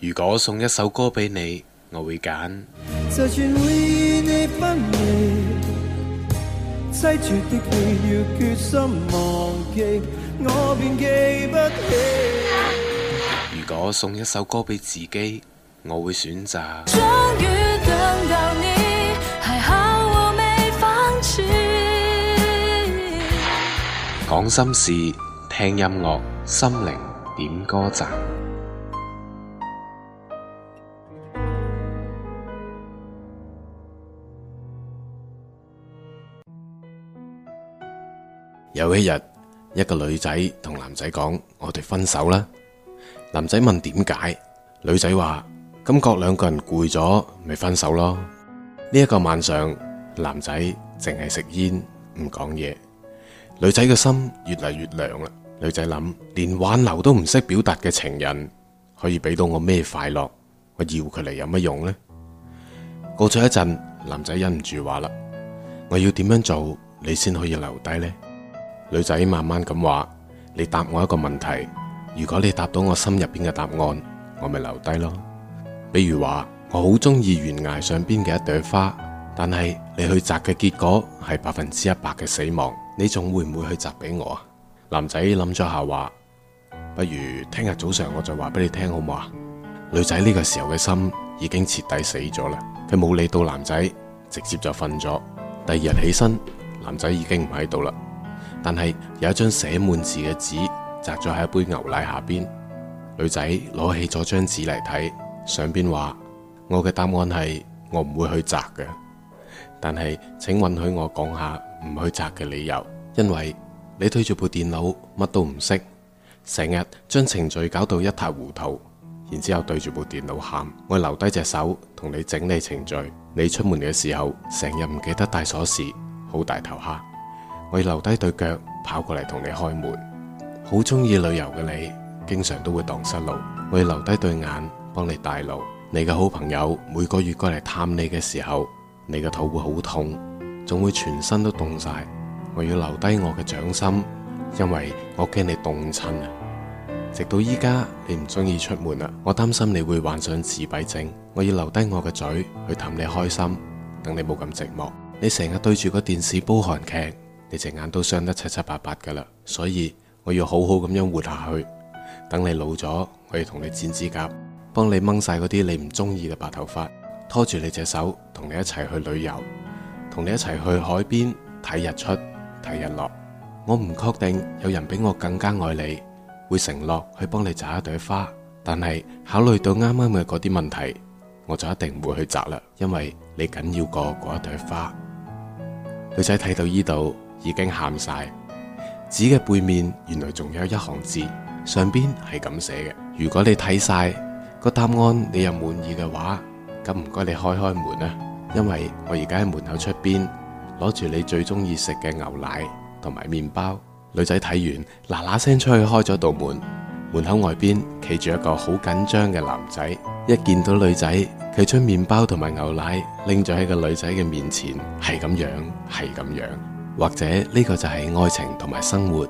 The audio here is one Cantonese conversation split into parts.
如果送一首歌畀你，我會揀。如果送一首歌畀自己，我會選擇。終於等到你，還好我沒放棄。講心事，聽音樂，心靈點歌站。有一日，一個女仔同男仔講：我哋分手啦。男仔問，點解？女仔話感覺兩個人攰咗，咪分手咯。呢一個晚上，男仔淨係食煙唔講嘢，女仔嘅心越嚟越涼啦。女仔諗，連挽留都唔識表達嘅情人，可以俾到我咩快樂？我要佢嚟有乜用呢？」過咗一陣，男仔忍唔住話啦：我要點樣做，你先可以留低呢？」女仔慢慢咁話：你答我一個問題，如果你答到我心入邊嘅答案，我咪留低咯。比如話，我好中意懸崖上邊嘅一朵花，但係你去摘嘅結果係百分之一百嘅死亡，你仲會唔會去摘俾我啊？男仔諗咗下話：不如聽日早上我就話俾你聽好唔好啊？女仔呢個時候嘅心已經徹底死咗啦，佢冇理到男仔，直接就瞓咗。第二日起身，男仔已經唔喺度啦。但係有一張寫滿字嘅紙，摘咗喺一杯牛奶下邊。女仔攞起咗張紙嚟睇，上邊話：我嘅答案係我唔會去摘嘅。但係請允許我講下唔去摘嘅理由，因為你對住部電腦乜都唔識，成日將程序搞到一塌糊塗，然之後對住部電腦喊。我留低隻手同你整理程序。你出門嘅時候，成日唔記得帶鎖匙，好大頭蝦。我要留低對腳跑過嚟同你開門。好中意旅遊嘅你，經常都會蕩失路。我要留低對眼幫你帶路。你嘅好朋友每個月過嚟探你嘅時候，你嘅肚會好痛，總會全身都凍晒。我要留低我嘅掌心，因為我驚你凍親啊。直到依家你唔中意出門啦，我擔心你會患上自閉症。我要留低我嘅嘴去氹你開心，等你冇咁寂寞。你成日對住個電視煲韓劇。你隻眼都傷得七七八八噶啦，所以我要好好咁樣活下去。等你老咗，我要同你剪指甲，幫你掹晒嗰啲你唔中意嘅白頭髮，拖住你隻手，同你一齊去旅遊，同你一齊去海邊睇日出、睇日落。我唔確定有人比我更加愛你，會承諾去幫你摘一朵花，但係考慮到啱啱嘅嗰啲問題，我就一定唔會去摘啦，因為你緊要過嗰一朵花。女仔睇到依度。已經喊晒紙嘅背面，原來仲有一行字，上邊係咁寫嘅。如果你睇晒個答案，你又滿意嘅話，咁唔該你開開門啊！因為我而家喺門口出邊，攞住你最中意食嘅牛奶同埋麵包。女仔睇完，嗱嗱聲出去開咗道門，門口外邊企住一個好緊張嘅男仔，一見到女仔，佢將麵包同埋牛奶，拎咗喺個女仔嘅面前，係咁樣，係咁樣。或者呢個就係愛情同埋生活，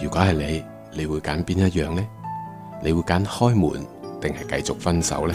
如果係你，你會揀邊一樣咧你會揀開門定係繼續分手咧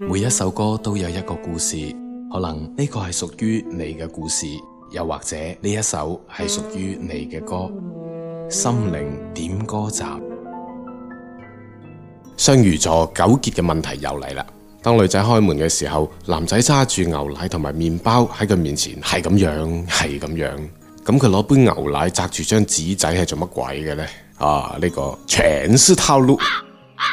每一首歌都有一個故事，可能呢個係屬於你嘅故事，又或者呢一首係屬於你嘅歌。心靈點歌集。雙魚座糾結嘅問題又嚟啦！當女仔開門嘅時候，男仔揸住牛奶同埋麵包喺佢面前，係咁樣，係咁樣，咁佢攞杯牛奶紮住張紙仔係做乜鬼嘅呢？啊，呢、這個全是套路，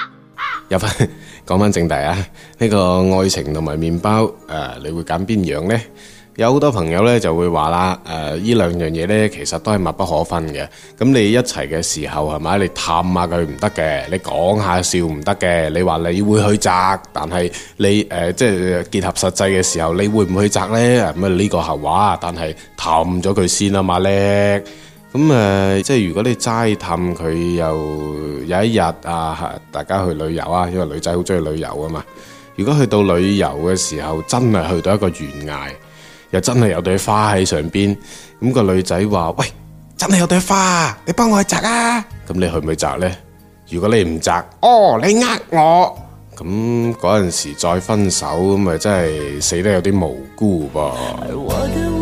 有分。講翻正題啊，呢、這個愛情同埋麵包，誒、呃，你會揀邊樣呢？有好多朋友呢就會話啦，誒、呃，呢兩樣嘢呢其實都係密不可分嘅。咁你一齊嘅時候係咪？你探下佢唔得嘅，你講下笑唔得嘅，你話你會去摘。但係你誒、呃，即係結合實際嘅時候，你會唔會摘呢？咁啊呢個係話，但係探咗佢先啊嘛叻。咁誒，即係如果你齋氹佢，又有一日啊嚇，大家去旅遊啊，因為女仔好中意旅遊啊嘛。如果去到旅遊嘅時候，真係去到一個懸崖，又真係有朵花喺上邊，咁個女仔話：喂，真係有朵花，你幫我去摘啊！咁你去唔去摘呢？如果你唔摘，哦，你呃我，咁嗰陣時再分手，咁咪真係死得有啲無辜噃。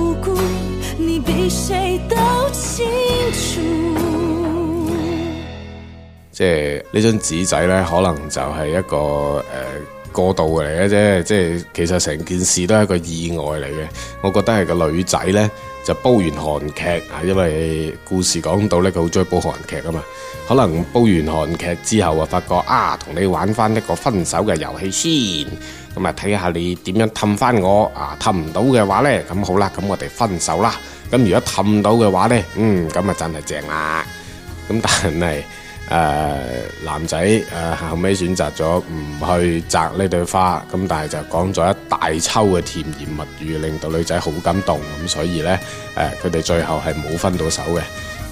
比誰都清楚，即係呢張紙仔呢，可能就係一個誒、呃、過渡嚟嘅啫。即係其實成件事都係一個意外嚟嘅。我覺得係個女仔呢，就煲完韓劇啊，因為故事講到呢，佢好中意煲韓劇啊嘛。可能煲完韓劇之後啊，發覺啊，同你玩翻一個分手嘅遊戲先。咁啊，睇下你點樣氹返我啊！氹唔到嘅話呢，咁好啦，咁我哋分手啦。咁如果氹到嘅話呢，嗯，咁啊真係正啦。咁但係誒、呃、男仔誒、呃、後尾選擇咗唔去摘呢對花，咁但係就講咗一大抽嘅甜言蜜語，令到女仔好感動。咁所以呢，誒、呃，佢哋最後係冇分到手嘅。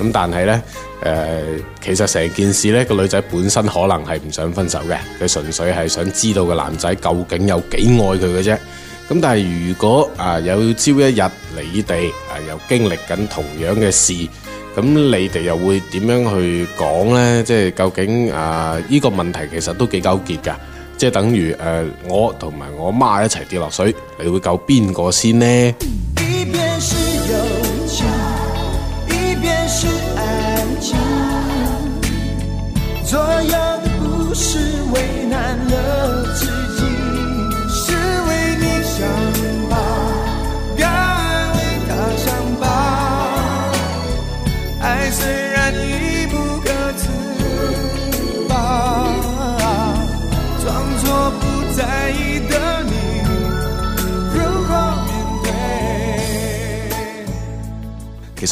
咁但係呢，誒、呃，其實成件事呢，個女仔本身可能係唔想分手嘅，佢純粹係想知道個男仔究竟有幾愛佢嘅啫。咁但係如果啊、呃、有朝一日你哋啊又經歷緊同樣嘅事，咁你哋又會點樣去講呢？即係究竟啊呢、呃呢個問題其實都幾糾結噶，即係等於誒、呃、我同埋我媽一齊跌落水，你會救邊個先呢？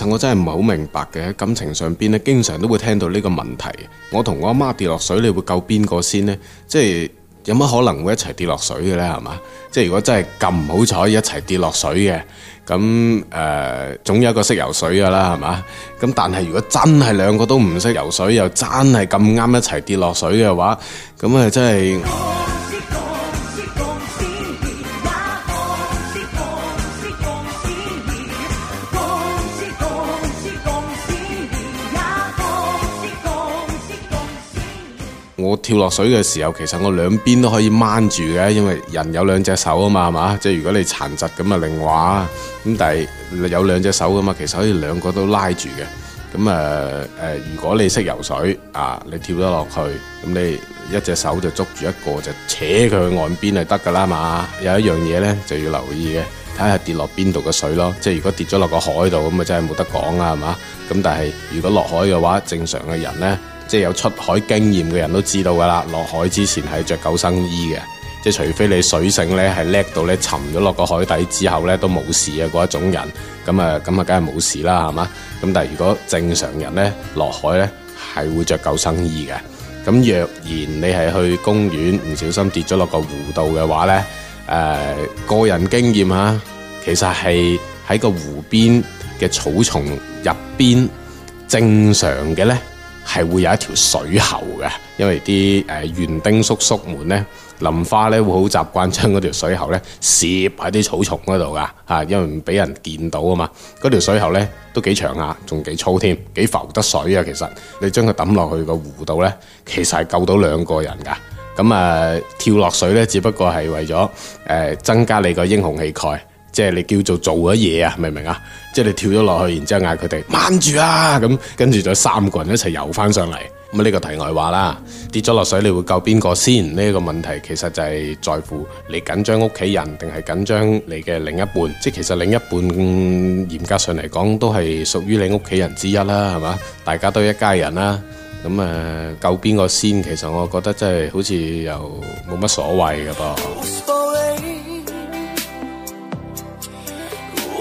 我真係唔係好明白嘅，喺感情上邊咧，經常都會聽到呢個問題。我同我阿媽跌落水，你會救邊個先呢？即係有乜可能會一齊跌落水嘅呢？係嘛？即係如果真係咁唔好彩一齊跌落水嘅，咁誒、呃，總有一個識游水噶啦，係嘛？咁但係如果真係兩個都唔識游水，又真係咁啱一齊跌落水嘅話，咁啊真係。我跳落水嘅時候，其實我兩邊都可以掹住嘅，因為人有兩隻手啊嘛，係嘛？即係如果你殘疾咁啊，另話咁，但係有兩隻手噶嘛，其實可以兩個都拉住嘅。咁誒誒，如果你識游水啊，你跳得落去，咁你一隻手就捉住一個，就扯佢去岸邊就得噶啦，係嘛？有一樣嘢呢，就要留意嘅，睇下跌落邊度嘅水咯。即係如果跌咗落個海度，咁啊真係冇得講啊，係嘛？咁但係如果落海嘅話，正常嘅人呢。即係有出海經驗嘅人都知道㗎啦。落海之前係着救生衣嘅，即係除非你水性呢係叻到呢，沉咗落個海底之後呢都冇事嘅嗰一種人，咁啊咁啊，梗係冇事啦，係嘛？咁但係如果正常人呢落海呢係會着救生衣嘅。咁若然你係去公園唔小心跌咗落個湖度嘅話呢，誒、呃、個人經驗啊，其實係喺個湖邊嘅草叢入邊正常嘅呢。係會有一條水喉嘅，因為啲誒、園丁叔叔們呢，淋花呢會好習慣將嗰條水喉呢攝喺啲草叢嗰度噶吓，因為唔俾人見到啊嘛。嗰條水喉呢都幾長啊，仲幾粗添，幾浮得水啊。其實你將佢抌落去個湖度呢，其實係救到兩個人噶。咁啊、呃，跳落水呢，只不過係為咗誒、呃、增加你個英雄氣概。即係你叫做做咗嘢啊，明唔明啊？即係你跳咗落去，然之後嗌佢哋掹住啊，咁跟住就三個人一齊游翻上嚟。咁、啊、呢個題外話啦，跌咗落水你會救邊個先？呢、這個問題其實就係在乎你緊張屋企人定係緊張你嘅另一半。即係其實另一半、嗯、嚴格上嚟講都係屬於你屋企人之一啦，係嘛？大家都一家人啦、啊。咁、嗯、啊救邊個先？其實我覺得真係好似又冇乜所謂㗎噃。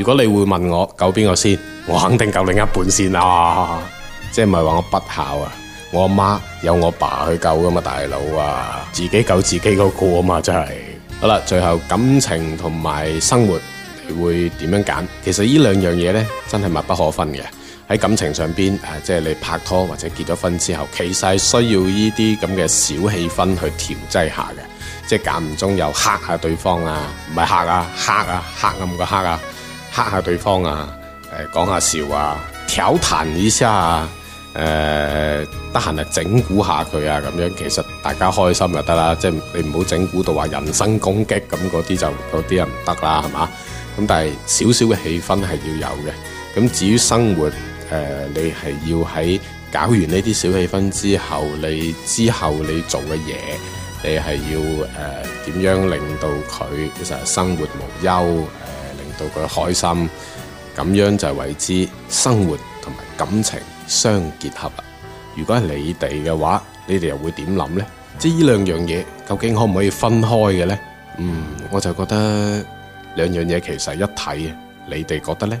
如果你會問我救邊個先，我肯定救另一半先啊。啊即係唔係話我不孝啊？我阿媽有我爸去救噶嘛大佬啊，自己救自己嗰個啊嘛，真係。好啦，最後感情同埋生活你會點樣揀？其實呢兩樣嘢呢，真係密不可分嘅。喺感情上邊誒，即係你拍拖或者結咗婚之後，其實係需要呢啲咁嘅小氣氛去調劑下嘅，即係間唔中又嚇下對方啊，唔係嚇啊嚇啊黑暗嘅嚇啊。吓下對方啊，誒、呃、講下笑啊，挑、呃、談一下，誒，得閒嚟整蠱下佢啊，咁樣其實大家開心就得啦，即係你唔好整蠱到話人身攻擊咁嗰啲就啲人唔得啦，係嘛？咁但係少少嘅氣氛係要有嘅。咁至於生活，誒、呃、你係要喺搞完呢啲小氣氛之後，你之後你做嘅嘢，你係要誒點、呃、樣令到佢其實生活無憂？到佢開心，咁樣就係為之生活同埋感情相結合啦。如果係你哋嘅話，你哋又會點諗呢？即係呢兩樣嘢，究竟可唔可以分開嘅呢？嗯，我就覺得兩樣嘢其實一體嘅。你哋覺得呢？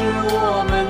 是我們。